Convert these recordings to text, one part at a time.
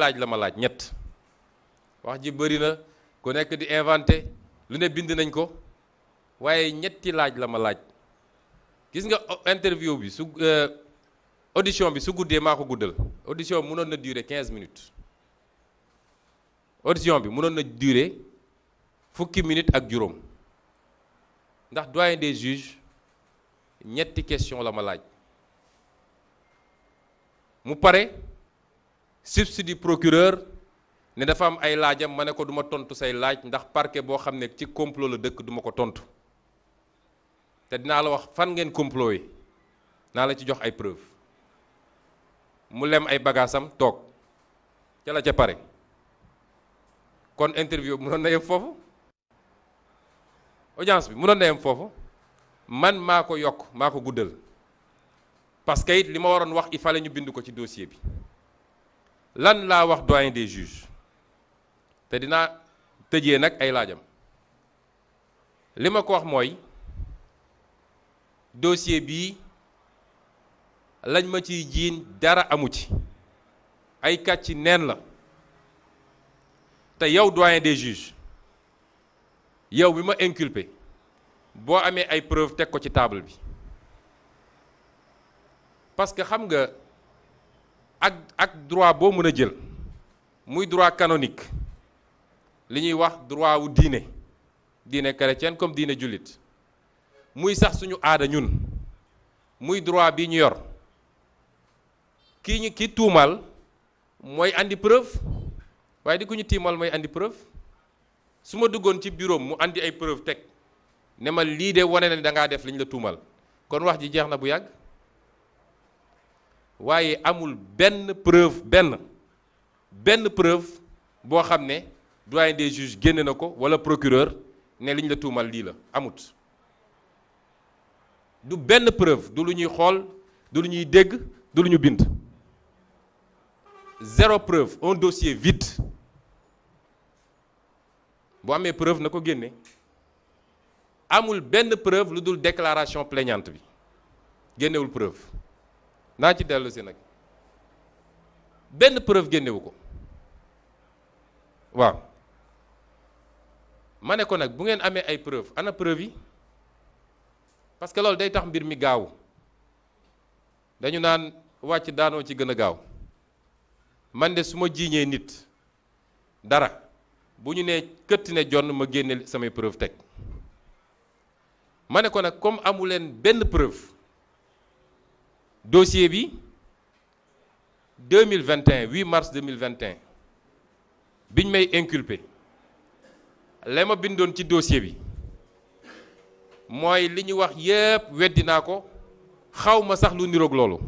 laaj la malade laaj ñett wax ji bëri na ku nekk di inventé lu ne bind nañ ko waaye ñetti laaj la malade laaj gis nga interview bi su euh, audition bi su guddee maa ko guddal audition bi mënoon na durer 15 minutes audition bi mënoon na durer fukki minute ak juróom ndax doyen des juges ñetti question la malade laaj mu subsidi procureur ne dafa am ay mana ma ko duma tontu say laaj ndax parquet bo xamné ci complot la dëkk duma ko tontu té dina la wax fan ngeen complot yi la ci jox ay preuve mu lem ay bagasam tok ci la ci paré kon interview mu doon na fofu audience bi mu fofu man mako yok mako guddal parce que lima waron ma wax il fallait ñu bind ko ci dossier bi lan la wax doyen des juges te dina tëjee nak ay laajam lima ko wax moy, dossier bi, lañ ma ci jiin dara amu ci ay kàcc ci y'a la té yow doyen des juges yow bima inculpé bo amé ay preuve teg ko ci table bi parce que xam nga ak ak droit bo meuna jël muy droit canonique li ñuy wax droit wu diiné diiné chrétien comme diiné julit muy sax suñu aada ñun muy droit bi ñu yor ki ñu ki tuumal moy andi preuve waye di ko ñu timal moy andi preuve suma dugon ci bureau mu andi ay preuve tek nema li de wane da nga def liñ la tuumal kon wax ji jeexna bu waaye amul benn preuve benn benn preuve boo xam ne doyen des juges génne na ko walla procureur ne liñ la tuumal lii la amut du benn preuve du lu ñuy xool du lu ñuy dégg du lu ñu bind zéro preuve un dossier vide bu amee preuve na ko génne amul benn preuve lu dul déclaration plaignante bi génnewul preuve naa ci dellusi nag benn preuve génnewu ko waaw ma ne ko nag bu ngeen amee ay preuve ana preuve yi parce que loolu day tax mbir mi gaaw dañu naan wàcc daanoo ci gën a gaaw man de su ma jiiñee nit dara bu ñu nee këtt ne jonn ma génne samay preuve teg ma ne ko nag comme amu leen benn preuve dossier bi 2021 8 mars 2021 biñ may inculpé la ma ci dossier bi moy liñu wax yépp weddi ko xawma sax lu nirok lolu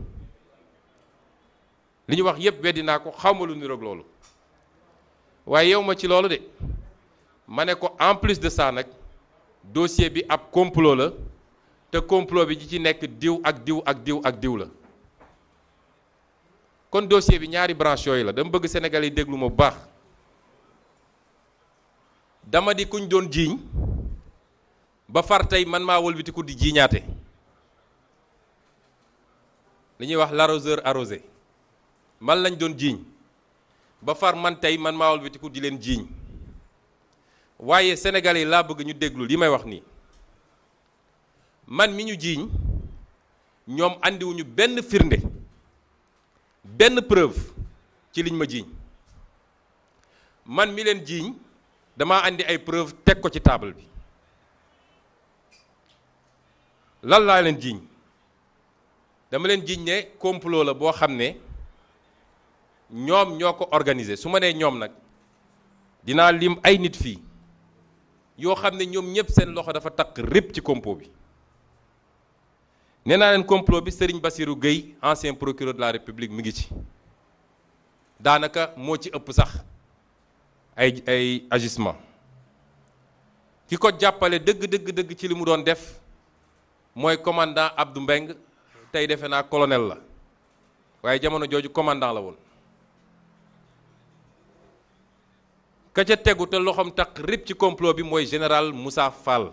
liñu wax yépp weddi ko xawma lu nirok lolu waye yow ci lolu de mané ko en plus de ça nak dossier bi ab complot la. te complot bi ji ci nekk diw ak diw ak diw ak diw la kon dossier bi ñaari branche yooyu la dama bëgg Sénégalais yi déglu ma bu baax dama di kuñ doon jiiñ ba far tey man maa wëlbatiku di jiiñaate li ñuy wax l'arroseur arrosé man lañ doon jiiñ ba far man tey man maa wëlbatiku di leen jiiñ waaye senegal yi laa bëgg ñu déglu lii may wax nii man mi ñu jiiñ ñoom indiwuñu benn firnde benn preuve ci liñ ma jiiñ man mi leen jiiñ dama indi ay preuve teg ko ci table bi lan laa leen jiiñ dama leen jiiñ ne complot la boo xam ne ñoom ñoo ko organisé su ma nee ñoom nag dinaa lim ay nit fii yoo xam ne ñoom ñëpp seen loxo dafa takk rëpp ci complot bi nee naa leen complot bi Serigne Bassirou Gueye ancien procureur de la République mi ngi ci daanaka moo ci ëpp sax ay ay agissement ki ko jàppale dëgg dëgg dëgg ci li mu doon def mooy commandant abdu Mbeng tey defe naa colonel la waaye jamono jooju commandant la woon ka ca tegu te loxoom tax rip ci complot bi mooy général Moussa Fall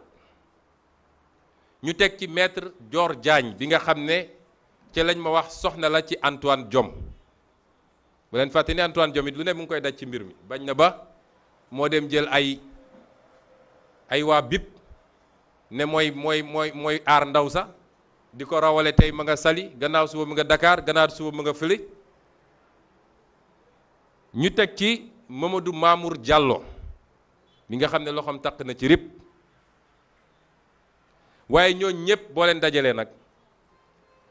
ñu tek ci maître Dior Diagne bi nga xamné ci lañ ma wax soxna la ci Antoine Diome bu len faté ni Antoine Diome it lu ne mu ngi koy daj ci mbir mi bañ na ba mo dem jël ay ay wa bip ne moy moy moy moy ar ndaw sa diko rawale ma nga sali gannaaw suba mu nga Dakar gannaaw suba mu nga fili ñu tek ci Mamadou Mamour Diallo bi nga xam loxam tak na ci rip waaye ñooñ ñëpp boo leen dajalee nag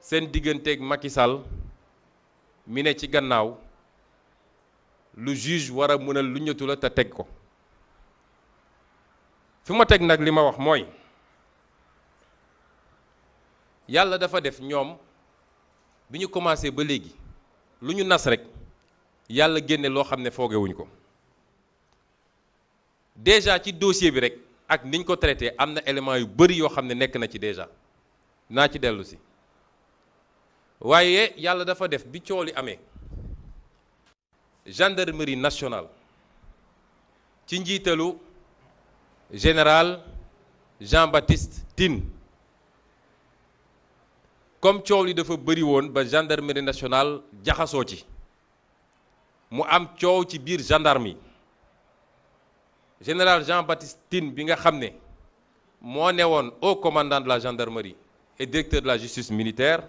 seen digganteeg Macky Sall mi ne ci gannaaw lu juge war a mënal lu ñëtu la te teg ko fu ma teg nag li ma wax mooy yàlla dafa def ñoom bi ñu commencé ba léegi lu ñu nas rek yàlla génne loo xam ne foogewuñ ko déjà ci dossier bi rek ak niñ ko traité am na élément yu bëri yoo xam ne nekk na ci déjà naa ci dellusi waaye yàlla dafa def bi coow li amee gendarmerie nationale ci njiitalu général Jean-Baptiste Tine comme coow li dafa bëri woon ba gendarmerie nationale jaxasoo ci mu am coow ci biir gendarme yi général Jean-Baptiste Tine bi nga moi haut commandant de la gendarmerie et directeur de la justice militaire